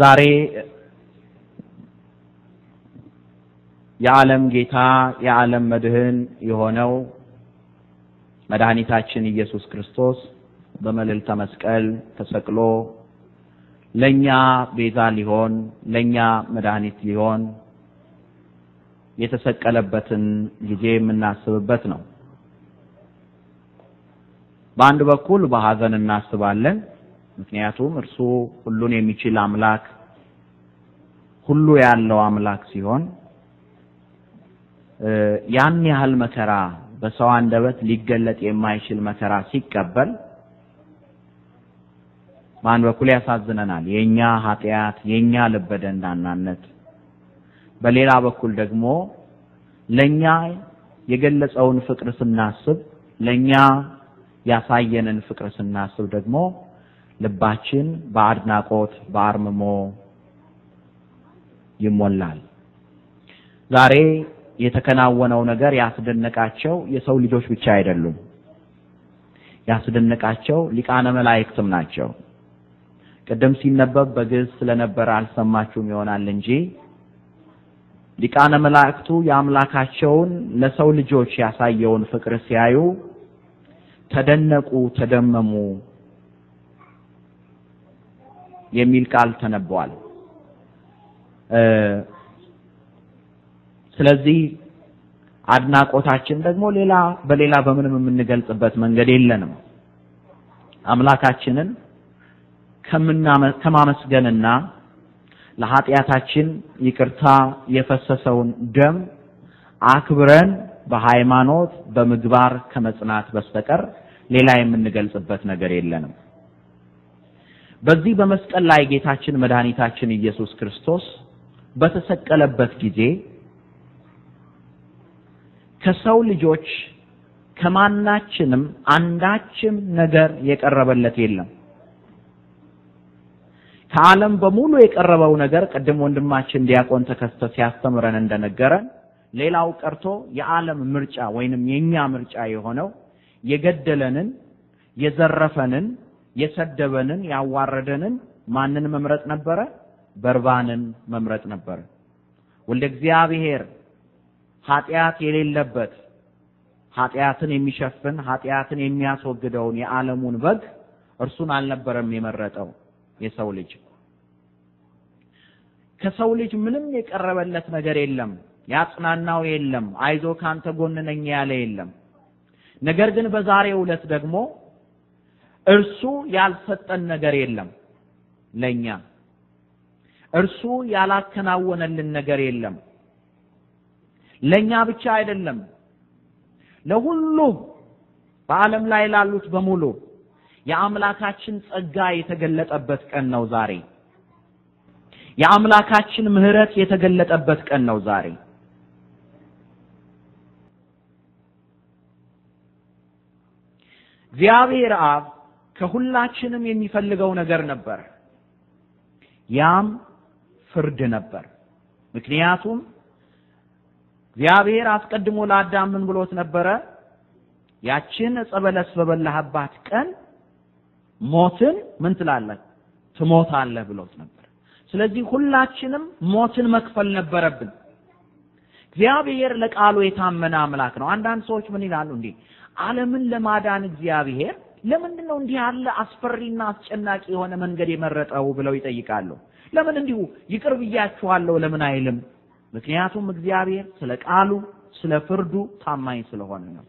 ዛሬ የዓለም ጌታ የዓለም መድህን የሆነው መድኃኒታችን ኢየሱስ ክርስቶስ በመልዕልተ መስቀል ተሰቅሎ ለኛ ቤዛ ሊሆን ለኛ መድኃኒት ሊሆን የተሰቀለበትን ጊዜ የምናስብበት ነው። በአንድ በኩል በሐዘን እናስባለን። ምክንያቱም እርሱ ሁሉን የሚችል አምላክ ሁሉ ያለው አምላክ ሲሆን ያን ያህል መከራ በሰው አንደበት ሊገለጥ የማይችል መከራ ሲቀበል ማን በኩል ያሳዝነናል። የኛ ኃጢአት፣ የኛ ልበደንዳናነት፣ በሌላ በኩል ደግሞ ለኛ የገለጸውን ፍቅር ስናስብ፣ ለኛ ያሳየንን ፍቅር ስናስብ ደግሞ ልባችን በአድናቆት በአርምሞ ይሞላል። ዛሬ የተከናወነው ነገር ያስደነቃቸው የሰው ልጆች ብቻ አይደሉም። ያስደነቃቸው ሊቃነ መላእክትም ናቸው። ቅድም ሲነበብ በግዕዝ ስለነበረ አልሰማችሁም ይሆናል እንጂ ሊቃነ መላእክቱ የአምላካቸውን ለሰው ልጆች ያሳየውን ፍቅር ሲያዩ ተደነቁ፣ ተደመሙ የሚል ቃል ተነበዋል። ስለዚህ አድናቆታችን ደግሞ ሌላ በሌላ በምንም የምንገልጽበት መንገድ የለንም። አምላካችንን ከማመስገንና ለኃጢአታችን ይቅርታ የፈሰሰውን ደም አክብረን በሃይማኖት በምግባር ከመጽናት በስተቀር ሌላ የምንገልጽበት ነገር የለንም። በዚህ በመስቀል ላይ ጌታችን መድኃኒታችን ኢየሱስ ክርስቶስ በተሰቀለበት ጊዜ ከሰው ልጆች ከማናችንም አንዳችም ነገር የቀረበለት የለም። ከዓለም በሙሉ የቀረበው ነገር ቅድም ወንድማችን ዲያቆን ተከስተ ሲያስተምረን እንደነገረን ሌላው ቀርቶ የዓለም ምርጫ ወይንም የኛ ምርጫ የሆነው የገደለንን የዘረፈንን የሰደበንን ያዋረደንን ማንን መምረጥ ነበረ? በርባንን መምረጥ ነበረ። ወልደ እግዚአብሔር ኃጢአት የሌለበት ኃጢአትን የሚሸፍን ኃጢአትን የሚያስወግደውን የዓለሙን በግ እርሱን አልነበረም የመረጠው የሰው ልጅ። ከሰው ልጅ ምንም የቀረበለት ነገር የለም፣ ያጽናናው የለም፣ አይዞ ካንተ ጎን ነኝ ያለ የለም። ነገር ግን በዛሬው ዕለት ደግሞ እርሱ ያልሰጠን ነገር የለም ለኛ እርሱ ያላከናወነልን ነገር የለም ለኛ ብቻ አይደለም ለሁሉም በዓለም ላይ ላሉት በሙሉ የአምላካችን ጸጋ የተገለጠበት ቀን ነው ዛሬ የአምላካችን ምህረት የተገለጠበት ቀን ነው ዛሬ እግዚአብሔር አብ ከሁላችንም የሚፈልገው ነገር ነበር። ያም ፍርድ ነበር። ምክንያቱም እግዚአብሔር አስቀድሞ ለአዳም ምን ብሎት ነበረ? ያችን ዕፀ በለስ በበላህባት ቀን ሞትን ምን ትላለህ? ትሞታለህ ብሎት ነበር። ስለዚህ ሁላችንም ሞትን መክፈል ነበረብን። እግዚአብሔር ለቃሉ የታመነ አምላክ ነው። አንዳንድ ሰዎች ምን ይላሉ እንዴ ዓለምን ለማዳን እግዚአብሔር ለምንድን ነው እንዲህ ያለ አስፈሪና አስጨናቂ የሆነ መንገድ የመረጠው ብለው ይጠይቃሉ። ለምን እንዲሁ ይቅር ብያችኋለሁ ለምን አይልም? ምክንያቱም እግዚአብሔር ስለ ቃሉ ስለ ፍርዱ ታማኝ ስለሆነ ነው።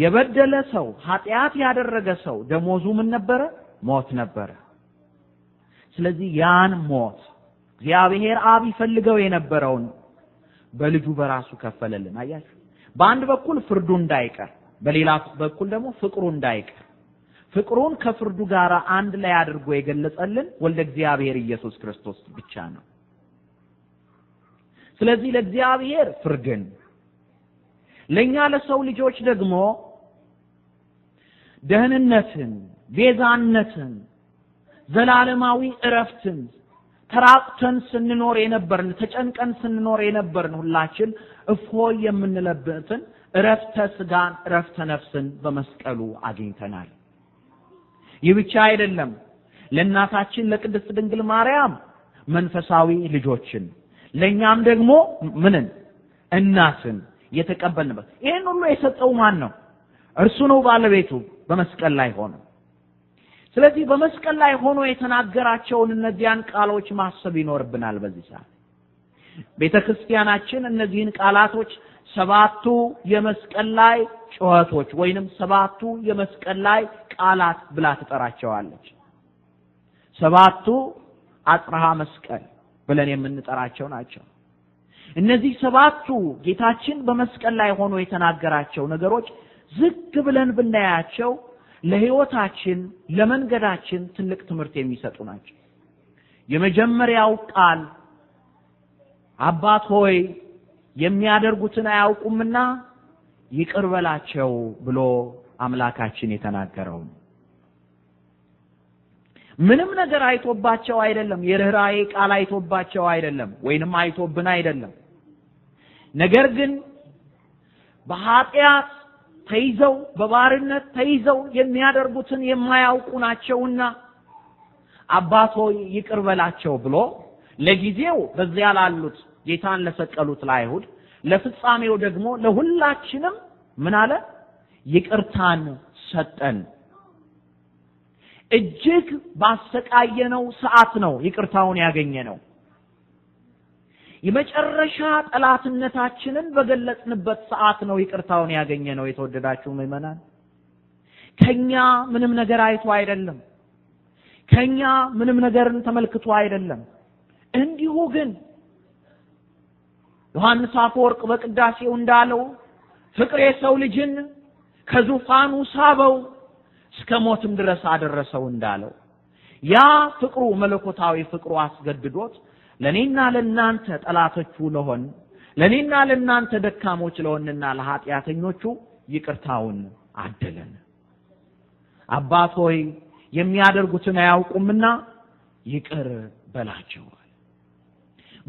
የበደለ ሰው ኃጢአት ያደረገ ሰው ደሞዙ ምን ነበረ? ሞት ነበረ። ስለዚህ ያን ሞት እግዚአብሔር አብ ይፈልገው የነበረውን በልጁ በራሱ ከፈለልን። አያችሁ፣ በአንድ በኩል ፍርዱ እንዳይቀር በሌላ በኩል ደግሞ ፍቅሩ እንዳይቀር ፍቅሩን ከፍርዱ ጋር አንድ ላይ አድርጎ የገለጸልን ወልደ እግዚአብሔር ኢየሱስ ክርስቶስ ብቻ ነው። ስለዚህ ለእግዚአብሔር ፍርድን ለኛ ለሰው ልጆች ደግሞ ደህንነትን፣ ቤዛነትን፣ ዘላለማዊ እረፍትን ተራቅተን ስንኖር የነበርን ተጨንቀን ስንኖር የነበርን ሁላችን እፎ የምንለበትን እረፍተ ስጋን እረፍተ ነፍስን በመስቀሉ አግኝተናል። ይህ ብቻ አይደለም። ለእናታችን ለቅድስት ድንግል ማርያም መንፈሳዊ ልጆችን ለእኛም ደግሞ ምንን እናትን የተቀበልንበት ይህን ሁሉ የሰጠው ማን ነው? እርሱ ነው ባለቤቱ በመስቀል ላይ ሆነው ስለዚህ በመስቀል ላይ ሆኖ የተናገራቸውን እነዚያን ቃሎች ማሰብ ይኖርብናል። በዚህ ሰዓት ቤተ ክርስቲያናችን እነዚህን ቃላቶች ሰባቱ የመስቀል ላይ ጩኸቶች ወይንም ሰባቱ የመስቀል ላይ ቃላት ብላ ትጠራቸዋለች። ሰባቱ አጽርሃ መስቀል ብለን የምንጠራቸው ናቸው። እነዚህ ሰባቱ ጌታችን በመስቀል ላይ ሆኖ የተናገራቸው ነገሮች ዝግ ብለን ብናያቸው ለህይወታችን ለመንገዳችን ትልቅ ትምህርት የሚሰጡ ናቸው። የመጀመሪያው ቃል አባት ሆይ የሚያደርጉትን አያውቁምና ይቅር በላቸው ብሎ አምላካችን የተናገረው ምንም ነገር አይቶባቸው አይደለም። የርኅራዬ ቃል አይቶባቸው አይደለም፣ ወይንም አይቶብን አይደለም። ነገር ግን በኃጢአት ተይዘው በባርነት ተይዘው የሚያደርጉትን የማያውቁ ናቸውና አባት ሆይ ይቅር በላቸው ብሎ ለጊዜው በዚያ ላሉት ጌታን ለሰቀሉት ለአይሁድ ለፍጻሜው ደግሞ ለሁላችንም ምን አለ ይቅርታን ሰጠን። እጅግ ባሰቃየነው ሰዓት ነው ይቅርታውን ያገኘ ነው። የመጨረሻ ጠላትነታችንን በገለጽንበት ሰዓት ነው ይቅርታውን ያገኘ ነው። የተወደዳችሁ ምዕመናን ከኛ ምንም ነገር አይቶ አይደለም። ከኛ ምንም ነገርን ተመልክቶ አይደለም። እንዲሁ ግን ዮሐንስ አፈወርቅ በቅዳሴው እንዳለው ፍቅር የሰው ልጅን ከዙፋኑ ሳበው እስከ ሞትም ድረስ አደረሰው እንዳለው ያ ፍቅሩ መለኮታዊ ፍቅሩ አስገድዶት ለኔና ለናንተ ጠላቶቹ ለሆን ለኔና ለእናንተ ደካሞች ለሆንና ለኃጢአተኞቹ ይቅርታውን አደለን። አባት ሆይ የሚያደርጉትን አያውቁምና ይቅር በላቸው።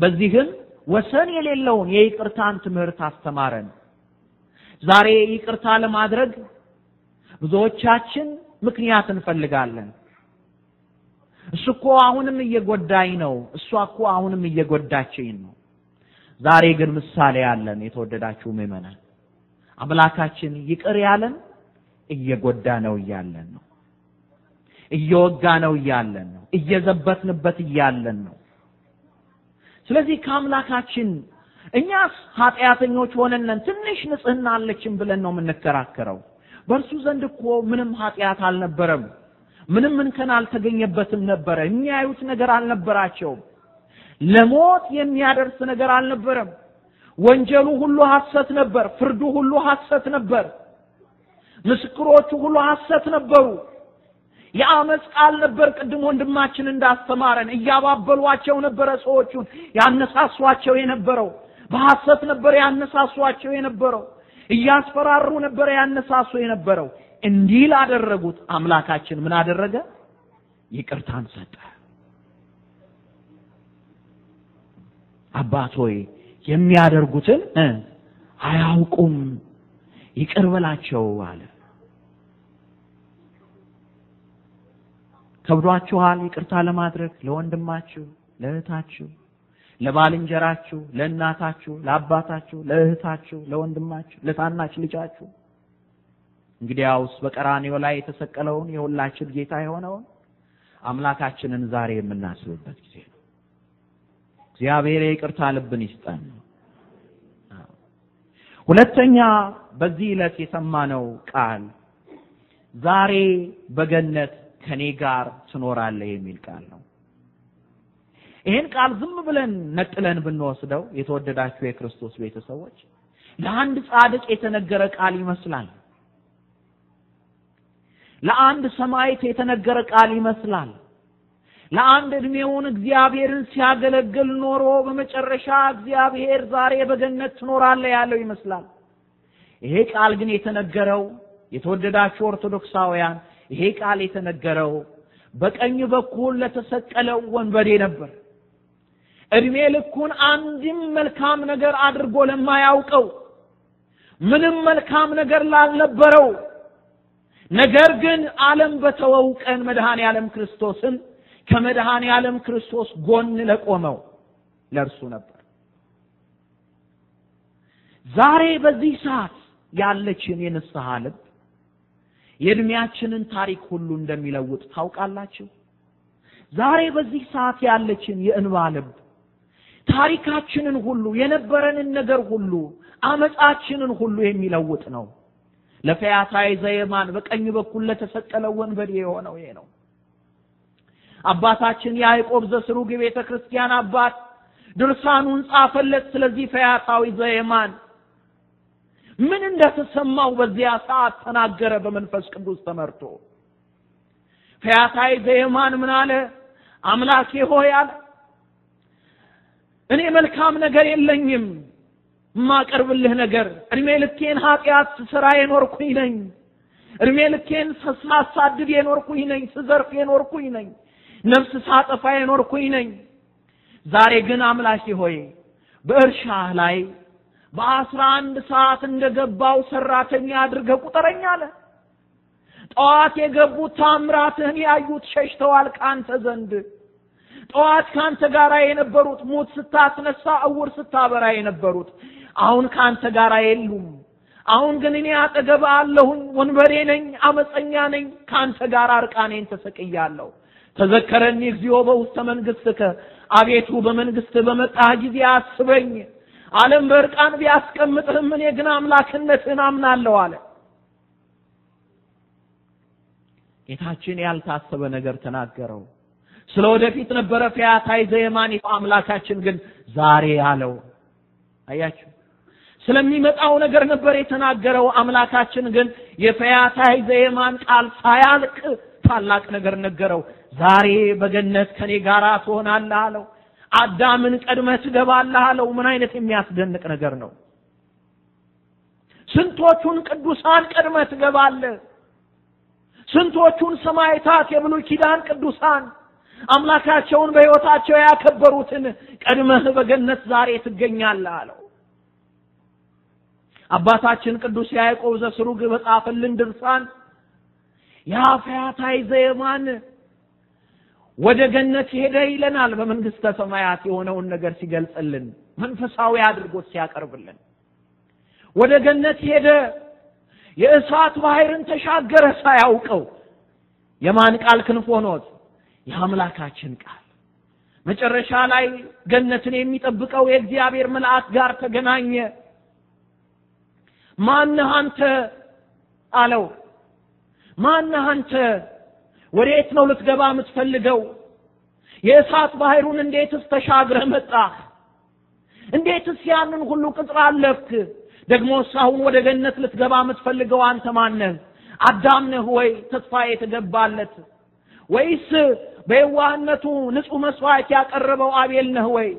በዚህም ወሰን የሌለውን የይቅርታን ትምህርት አስተማረን። ዛሬ ይቅርታ ለማድረግ ብዙዎቻችን ምክንያት እንፈልጋለን። እሱ እኮ አሁንም እየጎዳኝ ነው፣ እሷ እኮ አሁንም እየጎዳችኝ ነው። ዛሬ ግን ምሳሌ አለን። የተወደዳችሁ ምዕመናን አምላካችን ይቅር ያለን እየጎዳ ነው እያለን ነው፣ እየወጋ ነው እያለን ነው፣ እየዘበትንበት እያለን ነው። ስለዚህ ከአምላካችን እኛስ ኃጢአተኞች ሆነን ትንሽ ንጽህና አለችን ብለን ነው የምንከራከረው። በእርሱ ዘንድ እኮ ምንም ኃጢአት አልነበረም። ምንም እንከን አልተገኘበትም ነበረ። የሚያዩት ነገር አልነበራቸውም። ለሞት የሚያደርስ ነገር አልነበረም። ወንጀሉ ሁሉ ሐሰት ነበር። ፍርዱ ሁሉ ሐሰት ነበር። ምስክሮቹ ሁሉ ሐሰት ነበሩ። የአመፅ ቃል ነበር። ቅድም ወንድማችን እንዳስተማረን እያባበሏቸው ነበረ። ሰዎቹን ያነሳሷቸው የነበረው በሐሰት ነበር ያነሳሷቸው የነበረው እያስፈራሩ ነበር ያነሳሱ የነበረው እንዲህ ላደረጉት አምላካችን ምን አደረገ? ይቅርታን ሰጠ። አባት ሆይ የሚያደርጉትን አያውቁም ይቅር በላቸው አለ። ከብዷችኋል ይቅርታ ለማድረግ ለወንድማችሁ፣ ለእህታችሁ፣ ለባልንጀራችሁ፣ ለእናታችሁ፣ ለአባታችሁ፣ ለእህታችሁ፣ ለወንድማችሁ፣ ለታናች ልጃችሁ እንግዲያውስ በቀራንዮ ላይ የተሰቀለውን የሁላችን ጌታ የሆነውን አምላካችንን ዛሬ የምናስብበት ጊዜ ነው። እግዚአብሔር ይቅርታ ልብን ይስጠን። ሁለተኛ በዚህ ዕለት የሰማነው ቃል ዛሬ በገነት ከኔ ጋር ትኖራለህ የሚል ቃል ነው። ይህን ቃል ዝም ብለን ነጥለን ብንወስደው የተወደዳችሁ የክርስቶስ ቤተሰቦች ለአንድ ጻድቅ የተነገረ ቃል ይመስላል። ለአንድ ሰማይት የተነገረ ቃል ይመስላል። ለአንድ እድሜውን እግዚአብሔርን ሲያገለግል ኖሮ በመጨረሻ እግዚአብሔር ዛሬ በገነት ትኖራለህ ያለው ይመስላል። ይሄ ቃል ግን የተነገረው የተወደዳችሁ ኦርቶዶክሳውያን፣ ይሄ ቃል የተነገረው በቀኝ በኩል ለተሰቀለው ወንበዴ ነበር። እድሜ ልኩን አንድም መልካም ነገር አድርጎ ለማያውቀው ምንም መልካም ነገር ላልነበረው ነገር ግን ዓለም በተወው ቀን መድኃኔ ዓለም ክርስቶስን ከመድኃኔ ዓለም ክርስቶስ ጎን ለቆመው ለእርሱ ነበር። ዛሬ በዚህ ሰዓት ያለችን የንስሐ ልብ የእድሜያችንን ታሪክ ሁሉ እንደሚለውጥ ታውቃላችሁ። ዛሬ በዚህ ሰዓት ያለችን የእንባ ልብ ታሪካችንን ሁሉ የነበረንን ነገር ሁሉ አመጻችንን ሁሉ የሚለውጥ ነው። ለፈያታዊ ዘይማን በቀኝ በኩል ለተሰቀለው ወንበዴ የሆነው ይሄ ነው። አባታችን ያዕቆብ ዘስሩግ ቤተ ክርስቲያን አባት ድርሳኑን ጻፈለት። ስለዚህ ፈያታዊ ዘይማን ምን እንደተሰማው በዚያ ሰዓት ተናገረ፣ በመንፈስ ቅዱስ ተመርቶ። ፈያታዊ ዘይማን ምን አለ? አምላኬ ሆይ አለ እኔ መልካም ነገር የለኝም የማቀርብልህ ነገር እድሜ ልኬን ኃጢአት ስራ የኖርኩኝ ነኝ። እድሜ ልኬን ስማሳድድ የኖርኩኝ ነኝ። ስዘርፍ የኖርኩኝ ነኝ። ነፍስ ሳጠፋ የኖርኩኝ ነኝ። ዛሬ ግን አምላኬ ሆይ በእርሻህ ላይ በአስራ አንድ ሰዓት እንደገባው ሰራተኛ አድርገህ ቁጠረኝ አለ። ጠዋት የገቡት ታምራትህን ያዩት ሸሽተዋል ካንተ ዘንድ። ጠዋት ካንተ ጋር የነበሩት ሙት ስታስነሳ፣ እውር ስታበራ የነበሩት አሁን ከአንተ ጋር የሉም። አሁን ግን እኔ አጠገብ አለሁኝ፣ ወንበሬ ነኝ፣ አመፀኛ ነኝ። ከአንተ ጋር አርቃኔን ተሰቅያለሁ። ተዘከረኒ እግዚኦ በውስተ መንግሥትከ፣ አቤቱ በመንግስት በመጣህ ጊዜ አስበኝ። ዓለም በእርቃን ቢያስቀምጥህም እኔ ግን አምላክነትህን አምናለሁ አለ። ጌታችን ያልታሰበ ነገር ተናገረው። ስለ ወደፊት ነበረ ፈያታይ ዘየማን፣ አምላካችን ግን ዛሬ አለው። አያችሁ ስለሚመጣው ነገር ነበር የተናገረው። አምላካችን ግን የፈያታይ ዘየማን ቃል ሳያልቅ ታላቅ ነገር ነገረው። ዛሬ በገነት ከኔ ጋር ትሆናለህ አለው። አዳምን ቀድመህ ትገባለህ አለው። ምን አይነት የሚያስደንቅ ነገር ነው! ስንቶቹን ቅዱሳን ቀድመህ ትገባለህ? ስንቶቹን ሰማዕታት የብሉይ ኪዳን ቅዱሳን አምላካቸውን በሕይወታቸው ያከበሩትን ቀድመህ በገነት ዛሬ ትገኛለህ አለው። አባታችን ቅዱስ ያዕቆብ ዘስሩግ በጻፈልን ድርሳን የአፍያታይ ዘየማን ወደ ገነት ሄደ ይለናል። በመንግስተ ሰማያት የሆነውን ነገር ሲገልጽልን መንፈሳዊ አድርጎት ሲያቀርብልን ወደ ገነት ሄደ፣ የእሳት ባህርን ተሻገረ ሳያውቀው። የማን ቃል ክንፍ ሆኖት? የአምላካችን ቃል። መጨረሻ ላይ ገነትን የሚጠብቀው የእግዚአብሔር መልአክ ጋር ተገናኘ። ማነህ አንተ አለው ማነህ አንተ ወዴት ነው ልትገባ የምትፈልገው የእሳት ባህሩን እንዴትስ ተሻግረህ መጣህ እንዴትስ ያንን ሁሉ ቅጥር አለፍክ ደግሞስ አሁን ወደ ገነት ልትገባ የምትፈልገው አንተ ማነህ አዳም ነህ ወይ ተስፋ የተገባለት ወይስ በየዋህነቱ ንጹህ መስዋዕት ያቀረበው አቤል ነህ ወይ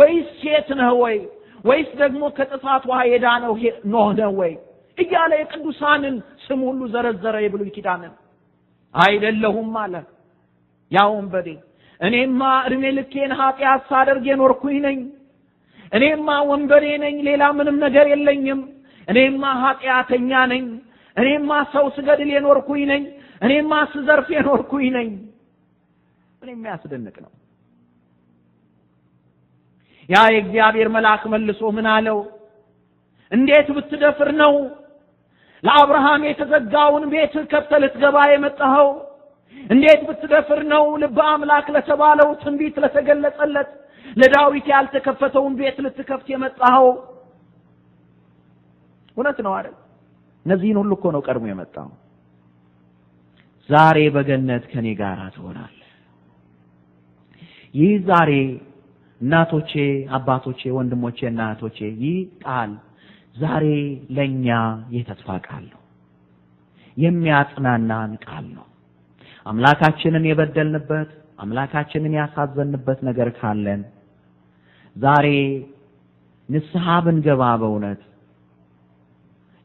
ወይስ ሴት ነህ ወይ ወይስ ደግሞ ከጥፋት ውሃ የዳነው ኖህ ነው ወይ እያለ የቅዱሳንን ስም ሁሉ ዘረዘረ የብሉይ ኪዳንን አይደለሁም አለ ያ ወንበዴ እኔማ እድሜ ልኬን ኃጢአት ሳደርግ የኖርኩኝ ነኝ እኔማ ወንበዴ ነኝ ሌላ ምንም ነገር የለኝም እኔማ ኃጢአተኛ ነኝ እኔማ ሰው ስገድል የኖርኩኝ ነኝ እኔማ ስዘርፍ የኖርኩኝ ነኝ ምን የሚያስደንቅ ነው ያ የእግዚአብሔር መልአክ መልሶ ምን አለው? እንዴት ብትደፍር ነው ለአብርሃም የተዘጋውን ቤት ከፍተህ ልትገባ የመጣኸው? እንዴት ብትደፍር ነው ልበ አምላክ ለተባለው ትንቢት ለተገለጸለት ለዳዊት ያልተከፈተውን ቤት ልትከፍት የመጣኸው? እውነት ነው አይደል? እነዚህን ሁሉ እኮ ነው ቀድሞ የመጣው። ዛሬ በገነት ከኔ ጋር ትሆናለህ። ይህ ዛሬ እናቶቼ፣ አባቶቼ፣ ወንድሞቼ እና እህቶቼ ይህ ቃል ዛሬ ለእኛ የተስፋ ቃል ነው። የሚያጽናናን ቃል ነው። አምላካችንን የበደልንበት አምላካችንን ያሳዘንበት ነገር ካለን ዛሬ ንስሐ ብንገባ በእውነት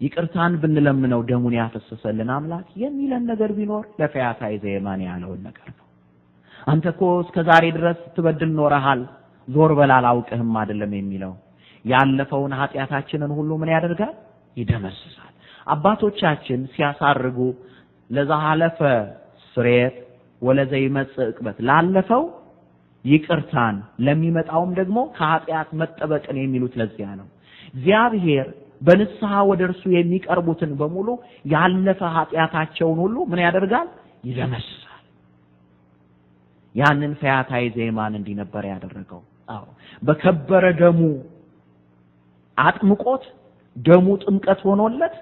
ይቅርታን ብንለምነው ደሙን ያፈሰሰልን አምላክ የሚለን ነገር ቢኖር ለፈያታ ዘየማን ያለውን ነገር ነው። አንተ እኮ እስከ ዛሬ ድረስ ስትበድል ኖረሃል። ዞር በል አላውቅህም አይደለም የሚለው ያለፈውን ኃጢአታችንን ሁሉ ምን ያደርጋል ይደመስሳል አባቶቻችን ሲያሳርጉ ለዛሃለፈ ስሬት ወለዘይመጽእ ዕቅበት ላለፈው ይቅርታን ለሚመጣውም ደግሞ ከኃጢአት መጠበቅን የሚሉት ለዚያ ነው እግዚአብሔር በንስሐ ወደ እርሱ የሚቀርቡትን በሙሉ ያለፈ ኃጢአታቸውን ሁሉ ምን ያደርጋል ይደመስሳል ያንን ፈያታዊ ዜማን እንዲነበር ያደረገው አዎ በከበረ ደሙ አጥምቆት ደሙ ጥምቀት ሆኖለት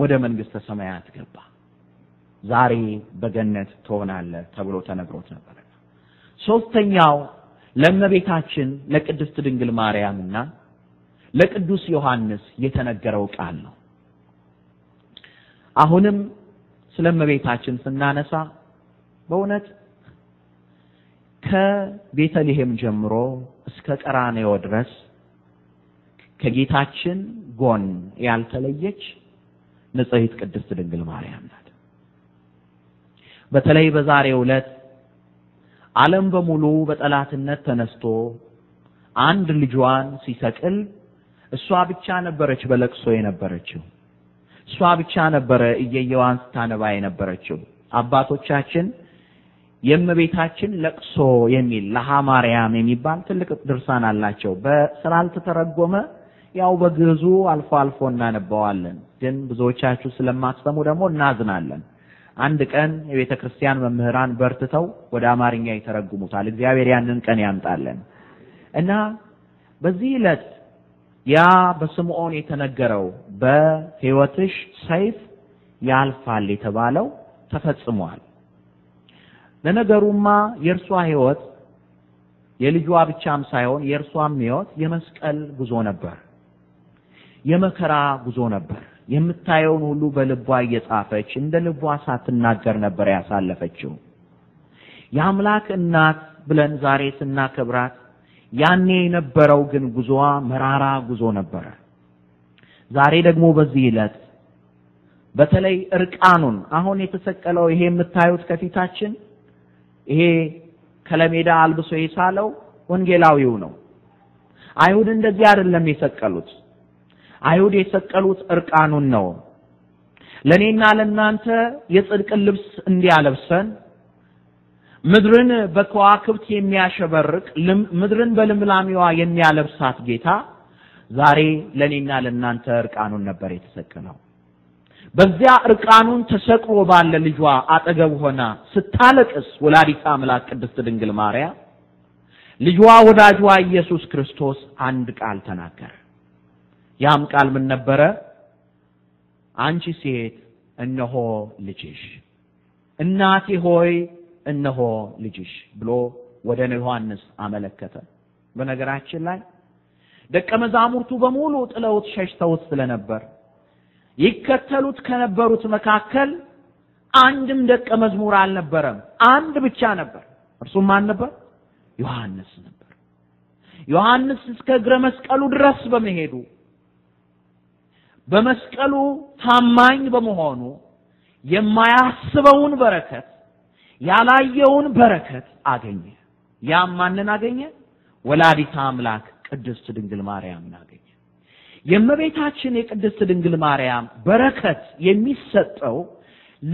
ወደ መንግስተ ሰማያት ገባ። ዛሬ በገነት ትሆናለህ ተብሎ ተነግሮት ነበር። ሶስተኛው ለእመቤታችን ለቅድስት ድንግል ማርያምና ለቅዱስ ዮሐንስ የተነገረው ቃል ነው። አሁንም ስለ እመቤታችን ስናነሳ በእውነት ከቤተልሔም ጀምሮ እስከ ቀራንዮ ድረስ ከጌታችን ጎን ያልተለየች ንጽሕት ቅድስት ድንግል ማርያም ናት። በተለይ በዛሬው ዕለት ዓለም በሙሉ በጠላትነት ተነስቶ አንድ ልጇን ሲሰቅል እሷ ብቻ ነበረች በለቅሶ የነበረችው። እሷ ብቻ ነበረ እየየዋን ስታነባ የነበረችው። አባቶቻችን የእመቤታችን ለቅሶ የሚል ለሃ ማርያም የሚባል ትልቅ ድርሳን አላቸው። ስላልተተረጎመ ያው በግዕዙ አልፎ አልፎ እናነባዋለን፣ ግን ብዙዎቻችሁ ስለማትሰሙ ደግሞ እናዝናለን። አንድ ቀን የቤተ ክርስቲያን መምህራን በርትተው ወደ አማርኛ ይተረጉሙታል። እግዚአብሔር ያንን ቀን ያምጣለን እና በዚህ ዕለት ያ በስምዖን የተነገረው በሕይወትሽ ሰይፍ ያልፋል የተባለው ተፈጽሟል። ለነገሩማ የእርሷ ህይወት የልጇ ብቻም ሳይሆን የእርሷም ህይወት የመስቀል ጉዞ ነበር፣ የመከራ ጉዞ ነበር። የምታየውን ሁሉ በልቧ እየጻፈች እንደ ልቧ ሳትናገር ነበር ያሳለፈችው። የአምላክ እናት ብለን ዛሬ ስናከብራት ያኔ የነበረው ግን ጉዞዋ መራራ ጉዞ ነበረ። ዛሬ ደግሞ በዚህ ዕለት በተለይ እርቃኑን አሁን የተሰቀለው ይሄ የምታዩት ከፊታችን ይሄ ከለሜዳ አልብሶ የሳለው ወንጌላዊው ነው። አይሁድ እንደዚህ አይደለም የሰቀሉት። አይሁድ የሰቀሉት እርቃኑን ነው። ለኔና ለናንተ የጽድቅን ልብስ እንዲያለብሰን ምድርን በከዋክብት የሚያሸበርቅ ምድርን በልምላሚዋ የሚያለብሳት ጌታ ዛሬ ለኔና ለናንተ እርቃኑን ነበር የተሰቀለው። በዚያ እርቃኑን ተሰቅሎ ባለ ልጇ አጠገብ ሆና ስታለቅስ ወላዲተ አምላክ ቅድስት ድንግል ማርያም ልጇ ወዳጇ ኢየሱስ ክርስቶስ አንድ ቃል ተናገረ። ያም ቃል ምን ነበረ? አንቺ ሴት እነሆ ልጅሽ፣ እናቴ ሆይ እነሆ ልጅሽ ብሎ ወደ ዮሐንስ አመለከተ። በነገራችን ላይ ደቀ መዛሙርቱ በሙሉ ጥለውት ሸሽተውት ስለነበር ይከተሉት ከነበሩት መካከል አንድም ደቀ መዝሙር አልነበረም። አንድ ብቻ ነበር። እርሱም ማን ነበር? ዮሐንስ ነበር። ዮሐንስ እስከ እግረ መስቀሉ ድረስ በመሄዱ በመስቀሉ ታማኝ በመሆኑ የማያስበውን በረከት ያላየውን በረከት አገኘ። ያም ማንን አገኘ? ወላዲተ አምላክ ቅድስት ድንግል ማርያምን አገኘ። የእመቤታችን የቅድስት ድንግል ማርያም በረከት የሚሰጠው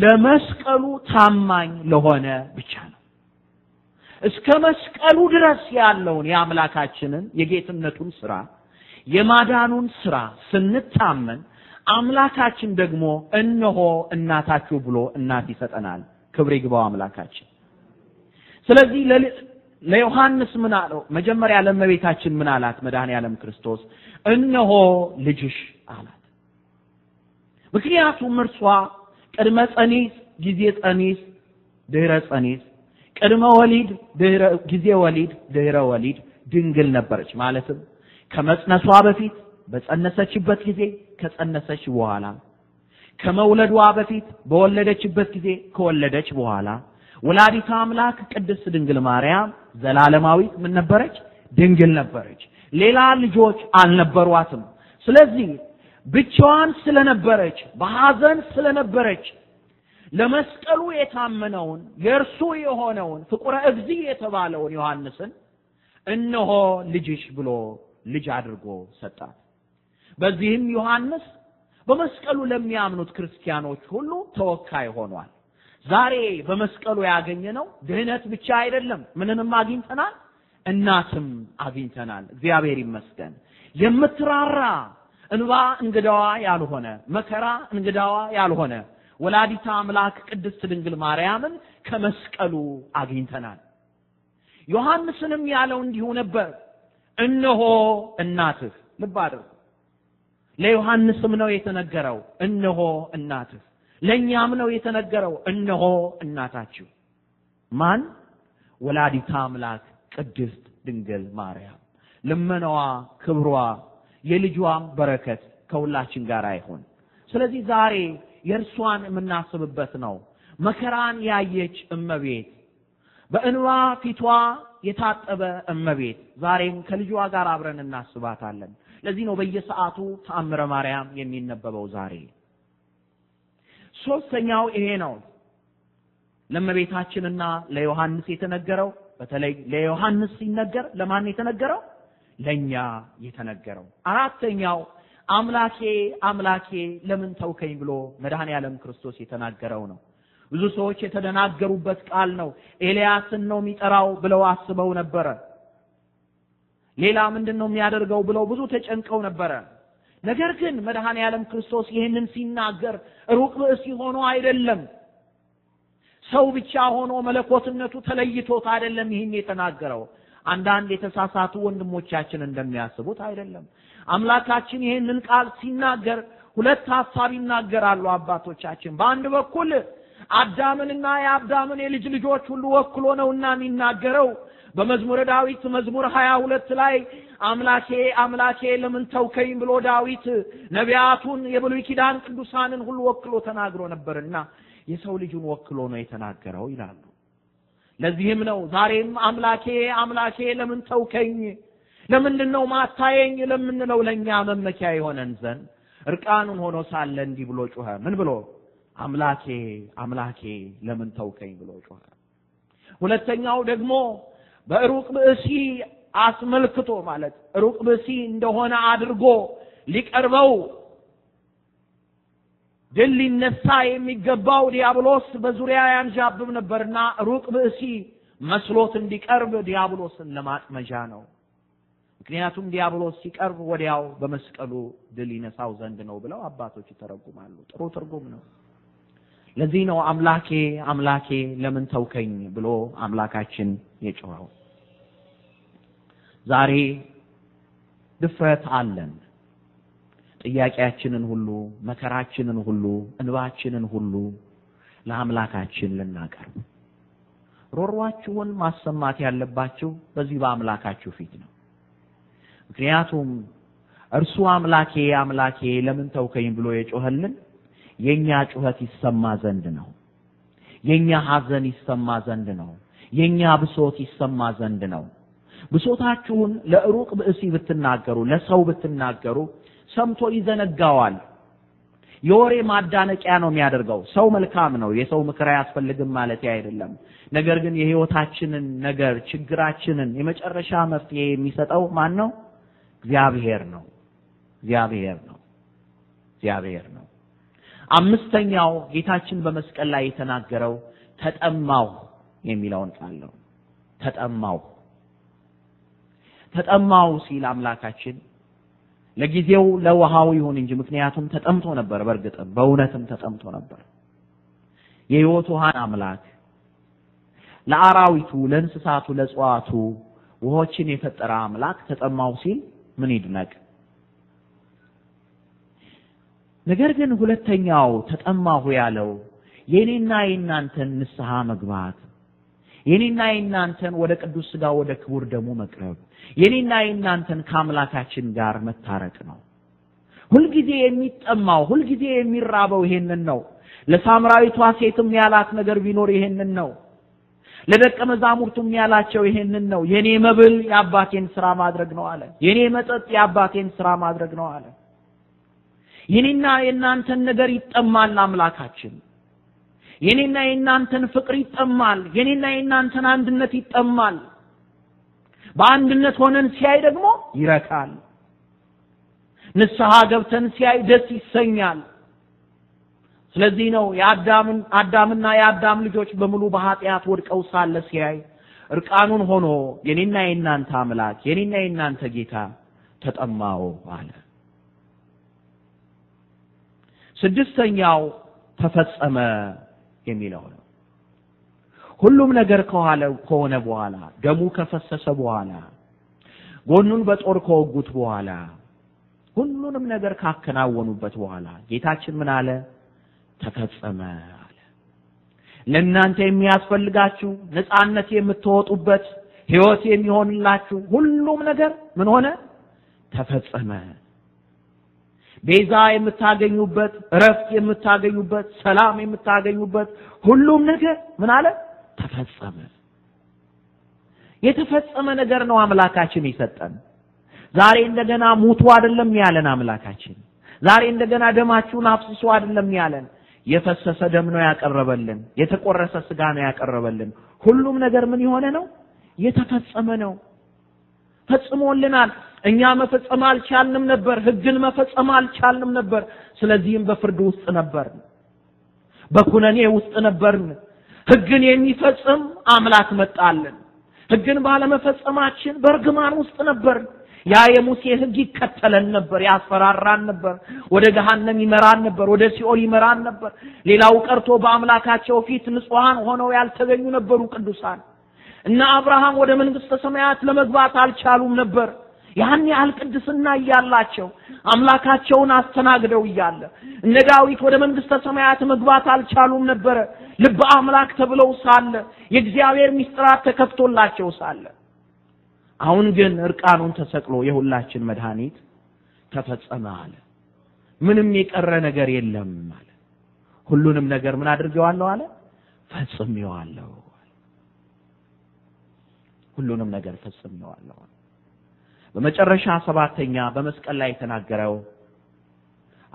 ለመስቀሉ ታማኝ ለሆነ ብቻ ነው። እስከ መስቀሉ ድረስ ያለውን የአምላካችንን የጌትነቱን ስራ የማዳኑን ስራ ስንታመን አምላካችን ደግሞ እነሆ እናታችሁ ብሎ እናት ይሰጠናል። ክብር ይግባው አምላካችን። ስለዚህ ለዮሐንስ ምን አለው? መጀመሪያ ለእመቤታችን ምን አላት? መድኃኔ ዓለም ክርስቶስ እነሆ ልጅሽ አላት። ምክንያቱም እርሷ ቅድመ ጸኒስ፣ ጊዜ ጸኒስ፣ ድህረ ጸኒስ፣ ቅድመ ወሊድ፣ ድህረ ጊዜ ወሊድ፣ ድህረ ወሊድ ድንግል ነበረች። ማለትም ከመጽነሷ በፊት፣ በጸነሰችበት ጊዜ፣ ከጸነሰች በኋላ፣ ከመውለዷ በፊት፣ በወለደችበት ጊዜ፣ ከወለደች በኋላ ወላዲተ አምላክ ቅድስት ድንግል ማርያም ዘላለማዊት ምን ነበረች? ድንግል ነበረች። ሌላ ልጆች አልነበሯትም። ስለዚህ ብቻዋን ስለነበረች፣ በሐዘን ስለነበረች ለመስቀሉ የታመነውን የእርሱ የሆነውን ፍቁረ እግዚ የተባለውን ዮሐንስን እነሆ ልጅሽ ብሎ ልጅ አድርጎ ሰጣት። በዚህም ዮሐንስ በመስቀሉ ለሚያምኑት ክርስቲያኖች ሁሉ ተወካይ ሆኗል። ዛሬ በመስቀሉ ያገኘነው ድህነት ብቻ አይደለም። ምንንም አግኝተናል። እናትም አግኝተናል። እግዚአብሔር ይመስገን። የምትራራ እንባ እንግዳዋ ያልሆነ መከራ እንግዳዋ ያልሆነ ወላዲታ አምላክ ቅድስት ድንግል ማርያምን ከመስቀሉ አግኝተናል። ዮሐንስንም ያለው እንዲሁ ነበር። እነሆ እናትህ። ልብ አድርጉ። ለዮሐንስም ነው የተነገረው እነሆ እናትህ፣ ለእኛም ነው የተነገረው እነሆ እናታችሁ። ማን? ወላዲታ አምላክ ቅድስት ድንግል ማርያም ልመናዋ፣ ክብሯ፣ የልጇም በረከት ከሁላችን ጋር አይሁን። ስለዚህ ዛሬ የእርሷን የምናስብበት ነው። መከራን ያየች እመቤት፣ በእንባ ፊቷ የታጠበ እመቤት ዛሬም ከልጇ ጋር አብረን እናስባታለን። ለዚህ ነው በየሰዓቱ ተአምረ ማርያም የሚነበበው። ዛሬ ሶስተኛው ይሄ ነው ለእመቤታችንና ለዮሐንስ የተነገረው በተለይ ለዮሐንስ ሲነገር ለማን የተነገረው? ለኛ የተነገረው። አራተኛው አምላኬ አምላኬ ለምን ተውከኝ ብሎ መድኃኔ ዓለም ክርስቶስ የተናገረው ነው። ብዙ ሰዎች የተደናገሩበት ቃል ነው። ኤልያስን ነው የሚጠራው ብለው አስበው ነበረ። ሌላ ምንድን ነው የሚያደርገው ብለው ብዙ ተጨንቀው ነበረ። ነገር ግን መድኃኔ ዓለም ክርስቶስ ይህንን ሲናገር ሩቅ ብእሲ ሆኖ አይደለም። ሰው ብቻ ሆኖ መለኮትነቱ ተለይቶት አይደለም ይህን የተናገረው። አንዳንድ የተሳሳቱ ወንድሞቻችን እንደሚያስቡት አይደለም። አምላካችን ይህንን ቃል ሲናገር ሁለት ሀሳብ ይናገራሉ አባቶቻችን። በአንድ በኩል አዳምንና የአዳምን የልጅ ልጆች ሁሉ ወክሎ ነውና የሚናገረው በመዝሙረ ዳዊት መዝሙር ሀያ ሁለት ላይ አምላኬ አምላኬ ለምን ተውከኝ ብሎ ዳዊት ነቢያቱን የብሉይ ኪዳን ቅዱሳንን ሁሉ ወክሎ ተናግሮ ነበርና የሰው ልጁን ወክሎ ነው የተናገረው ይላሉ። ለዚህም ነው ዛሬም አምላኬ አምላኬ ለምን ተውከኝ፣ ለምንድን ነው ማታየኝ ለምንለው ለእኛ መመኪያ የሆነን ዘንድ እርቃኑን ሆኖ ሳለ እንዲህ ብሎ ጮኸ። ምን ብሎ? አምላኬ አምላኬ ለምን ተውከኝ ብሎ ጮኸ። ሁለተኛው ደግሞ በሩቅ ብእሲ አስመልክቶ ማለት ሩቅ ብእሲ እንደሆነ አድርጎ ሊቀርበው ድል ሊነሳ የሚገባው ዲያብሎስ በዙሪያ ያንዣብብ ነበርና ሩቅ ብእሲ መስሎት እንዲቀርብ ዲያብሎስን ለማጥመጃ ነው። ምክንያቱም ዲያብሎስ ሲቀርብ ወዲያው በመስቀሉ ድል ይነሳው ዘንድ ነው ብለው አባቶች ይተረጉማሉ። ጥሩ ትርጉም ነው። ለዚህ ነው አምላኬ አምላኬ ለምን ተውከኝ ብሎ አምላካችን የጮኸው። ዛሬ ድፍረት አለን። ጥያቄያችንን ሁሉ መከራችንን ሁሉ እንባችንን ሁሉ ለአምላካችን ልናቀርብ ሮሯችሁን ማሰማት ያለባችሁ በዚህ በአምላካችሁ ፊት ነው። ምክንያቱም እርሱ አምላኬ አምላኬ ለምን ተውከኝ ብሎ የጮኸልን የኛ ጩኸት ይሰማ ዘንድ ነው። የኛ ሐዘን ይሰማ ዘንድ ነው። የኛ ብሶት ይሰማ ዘንድ ነው። ብሶታችሁን ለሩቅ ብእሲ ብትናገሩ፣ ለሰው ብትናገሩ ሰምቶ ይዘነጋዋል። የወሬ ማዳነቂያ ነው የሚያደርገው። ሰው መልካም ነው፣ የሰው ምክር አያስፈልግም ማለት አይደለም። ነገር ግን የህይወታችንን ነገር ችግራችንን የመጨረሻ መፍትሄ የሚሰጠው ማን ነው? እግዚአብሔር ነው። እግዚአብሔር ነው። እግዚአብሔር ነው። አምስተኛው ጌታችን በመስቀል ላይ የተናገረው ተጠማው የሚለውን ቃል ነው። ተጠማው ተጠማው ሲል አምላካችን ለጊዜው ለውሃው ይሁን እንጂ ምክንያቱም ተጠምቶ ነበር። በርግጥ በእውነትም ተጠምቶ ነበር። የህይወቱ ውሃን አምላክ ለአራዊቱ፣ ለእንስሳቱ፣ ለእጽዋቱ ውሆችን የፈጠረ አምላክ ተጠማው ሲል ምን ይድነቅ? ነገር ግን ሁለተኛው ተጠማሁ ያለው የኔና የናንተን ንስሐ መግባት የኔና የናንተን ወደ ቅዱስ ስጋ ወደ ክቡር ደሙ መቅረብ የኔና የናንተን ከአምላካችን ጋር መታረቅ ነው። ሁልጊዜ የሚጠማው ሁልጊዜ የሚራበው ይሄንን ነው። ለሳምራዊቷ ሴትም ያላት ነገር ቢኖር ይሄንን ነው። ለደቀ መዛሙርቱም ያላቸው ይሄንን ነው። የኔ መብል የአባቴን ስራ ማድረግ ነው አለ። የኔ መጠጥ የአባቴን ስራ ማድረግ ነው አለ። የኔና የእናንተን ነገር ይጠማል አምላካችን። የኔና የእናንተን ፍቅር ይጠማል። የኔና የእናንተን አንድነት ይጠማል። በአንድነት ሆነን ሲያይ ደግሞ ይረካል። ንስሐ ገብተን ሲያይ ደስ ይሰኛል። ስለዚህ ነው የአዳምን አዳምና የአዳም ልጆች በሙሉ በኃጢአት ወድቀው ሳለ ሲያይ እርቃኑን ሆኖ የኔና የእናንተ አምላክ የኔና የእናንተ ጌታ ተጠማው አለ። ስድስተኛው ተፈጸመ የሚለው ነው። ሁሉም ነገር ከኋላ ከሆነ በኋላ ደሙ ከፈሰሰ በኋላ ጎኑን በጦር ከወጉት በኋላ ሁሉንም ነገር ካከናወኑበት በኋላ ጌታችን ምን አለ? ተፈጸመ አለ። ለእናንተ የሚያስፈልጋችሁ ነፃነት የምትወጡበት ሕይወት የሚሆንላችሁ ሁሉም ነገር ምን ሆነ? ተፈጸመ። ቤዛ የምታገኙበት፣ እረፍት የምታገኙበት፣ ሰላም የምታገኙበት ሁሉም ነገር ምን አለ ተፈጸመ። የተፈጸመ ነገር ነው አምላካችን የሰጠን። ዛሬ እንደገና ሙቱ አይደለም ያለን አምላካችን። ዛሬ እንደገና ደማችሁን አፍስሱ አይደለም ያለን። የፈሰሰ ደም ነው ያቀረበልን። የተቆረሰ ስጋ ነው ያቀረበልን። ሁሉም ነገር ምን የሆነ ነው የተፈጸመ ነው፣ ፈጽሞልናል። እኛ መፈጸም አልቻልንም ነበር፣ ህግን መፈጸም አልቻልንም ነበር። ስለዚህም በፍርድ ውስጥ ነበርን፣ በኩነኔ ውስጥ ነበርን። ህግን የሚፈጽም አምላክ መጣልን። ህግን ባለመፈጸማችን በእርግማን ውስጥ ነበርን። ያ የሙሴ ህግ ይከተለን ነበር፣ ያስፈራራን ነበር፣ ወደ ገሃነም ይመራን ነበር፣ ወደ ሲኦል ይመራን ነበር። ሌላው ቀርቶ በአምላካቸው ፊት ንጹሐን ሆነው ያልተገኙ ነበሩ ቅዱሳን። እነ አብርሃም ወደ መንግስተ ሰማያት ለመግባት አልቻሉም ነበር። ያን ያህል ቅድስና እያላቸው አምላካቸውን አስተናግደው እያለ እነ ዳዊት ወደ መንግስተ ሰማያት መግባት አልቻሉም ነበረ። ልበ አምላክ ተብለው ሳለ የእግዚአብሔር ምስጥራት ተከፍቶላቸው ሳለ አሁን ግን እርቃኑን ተሰቅሎ የሁላችን መድኃኒት ተፈጸመ አለ። ምንም የቀረ ነገር የለም አለ። ሁሉንም ነገር ምን አድርጌዋለሁ አለ ፈጽሜዋለሁ። ሁሉንም ነገር ፈጽሜዋለሁ። በመጨረሻ ሰባተኛ በመስቀል ላይ የተናገረው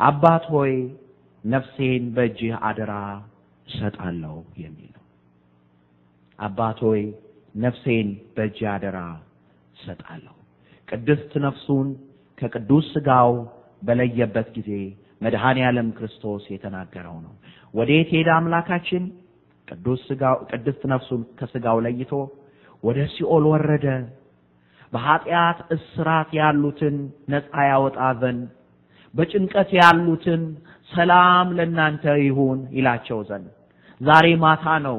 አባት ሆይ ነፍሴን በእጅህ አደራ እሰጣለሁ የሚል ነው። አባት ሆይ ነፍሴን በእጅህ አደራ እሰጣለሁ። ቅድስት ነፍሱን ከቅዱስ ስጋው በለየበት ጊዜ መድኃኔ ዓለም ክርስቶስ የተናገረው ነው። ወዴት ሄደ አምላካችን? ቅዱስ ስጋው ቅድስት ነፍሱን ከስጋው ለይቶ ወደ ሲኦል ወረደ። በኃጢአት እስራት ያሉትን ነፃ ያወጣ ዘንድ በጭንቀት ያሉትን ሰላም ለእናንተ ይሁን ይላቸው ዘንድ ዛሬ ማታ ነው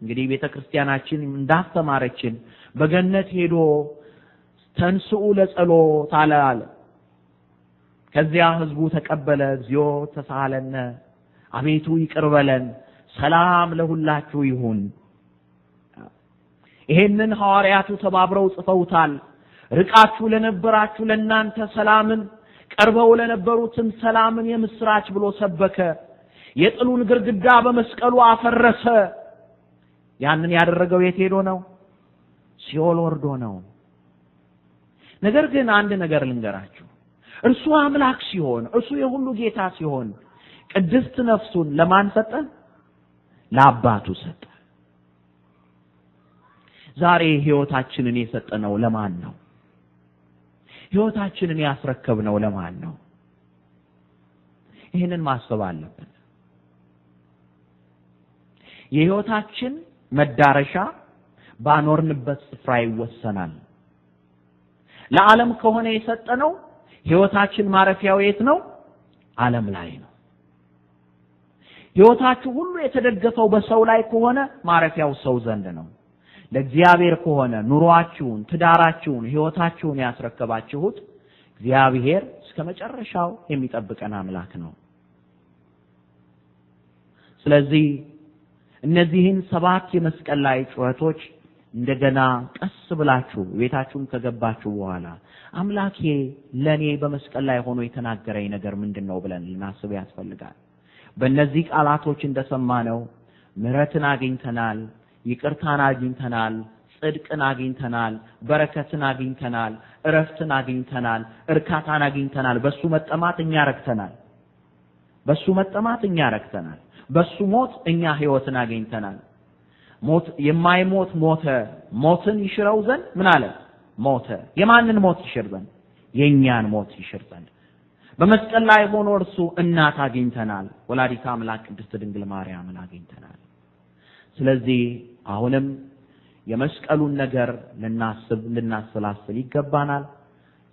እንግዲህ ቤተ ክርስቲያናችን እንዳስተማረችን በገነት ሄዶ ተንስኡ ለጸሎት አለ አለ። ከዚያ ህዝቡ ተቀበለ። እግዚኦ ተሳለነ አቤቱ ይቅርበለን ሰላም ለሁላችሁ ይሁን ይሄንን ሐዋርያቱ ተባብረው ጽፈውታል። ርቃችሁ ለነበራችሁ ለእናንተ ሰላምን፣ ቀርበው ለነበሩትም ሰላምን የምስራች ብሎ ሰበከ። የጥሉን ግርግዳ በመስቀሉ አፈረሰ። ያንን ያደረገው የት ሄዶ ነው? ሲኦል ወርዶ ነው። ነገር ግን አንድ ነገር ልንገራችሁ። እርሱ አምላክ ሲሆን፣ እርሱ የሁሉ ጌታ ሲሆን፣ ቅድስት ነፍሱን ለማን ሰጠ? ለአባቱ ሰጠ። ዛሬ ህይወታችንን የሰጠነው ለማን ነው? ህይወታችንን ያስረከብነው ለማን ነው? ይህንን ማሰብ አለብን። የህይወታችን መዳረሻ ባኖርንበት ስፍራ ይወሰናል። ለዓለም ከሆነ የሰጠነው ህይወታችን ማረፊያው የት ነው? ዓለም ላይ ነው። ህይወታችሁ ሁሉ የተደገፈው በሰው ላይ ከሆነ ማረፊያው ሰው ዘንድ ነው። ለእግዚአብሔር ከሆነ ኑሯችሁን፣ ትዳራችሁን፣ ህይወታችሁን ያስረከባችሁት እግዚአብሔር እስከ መጨረሻው የሚጠብቀን አምላክ ነው። ስለዚህ እነዚህን ሰባት የመስቀል ላይ ጩኸቶች እንደገና ቀስ ብላችሁ ቤታችሁም ከገባችሁ በኋላ አምላኬ ለኔ በመስቀል ላይ ሆኖ የተናገረኝ ነገር ምንድን ነው ብለን ልናስብ ያስፈልጋል። በእነዚህ ቃላቶች እንደሰማነው ምሕረትን አግኝተናል፣ ይቅርታን አግኝተናል፣ ጽድቅን አግኝተናል፣ በረከትን አግኝተናል፣ እረፍትን አግኝተናል፣ እርካታን አግኝተናል። በሱ መጠማት እኛ ረክተናል። በሱ መጠማት እኛ ረክተናል። በሱ ሞት እኛ ህይወትን አግኝተናል። ሞት የማይሞት ሞተ፣ ሞትን ይሽረው ዘንድ ምን አለ? ሞተ። የማንን ሞት ይሽር ዘንድ? የእኛን ሞት ይሽር ዘንድ በመስቀል ላይ ሆኖ እርሱ እናት አግኝተናል። ወላዲተ አምላክ ቅድስት ድንግል ማርያምን አግኝተናል። ስለዚህ አሁንም የመስቀሉን ነገር ልናስብ ልናሰላስል ይገባናል።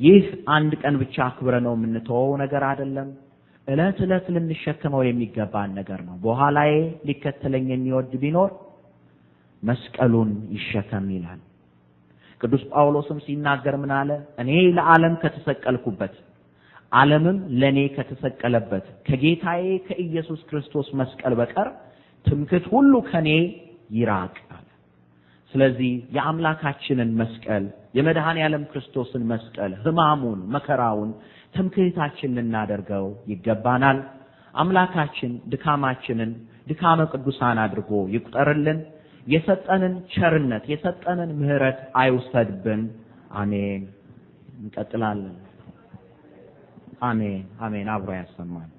ይህ አንድ ቀን ብቻ አክብረ ነው የምንተወው ነገር አይደለም። እለት እለት ልንሸከመው የሚገባን ነገር ነው። በኋላዬ ሊከተለኝ የሚወድ ቢኖር መስቀሉን ይሸከም ይላል። ቅዱስ ጳውሎስም ሲናገር ምን አለ? እኔ ለዓለም ከተሰቀልኩበት ዓለምም ለኔ ከተሰቀለበት ከጌታዬ ከኢየሱስ ክርስቶስ መስቀል በቀር ትምክት ሁሉ ከኔ ይራቅ አለ። ስለዚህ የአምላካችንን መስቀል የመድኃኔ ዓለም ክርስቶስን መስቀል ሕማሙን፣ መከራውን ትምክህታችን ልናደርገው ይገባናል። አምላካችን ድካማችንን ድካመ ቅዱሳን አድርጎ ይቁጠርልን። የሰጠንን ቸርነት የሰጠንን ምሕረት አይውሰድብን። አሜን። እንቀጥላለን። አሜን አሜን። አብሮ ያሰማል።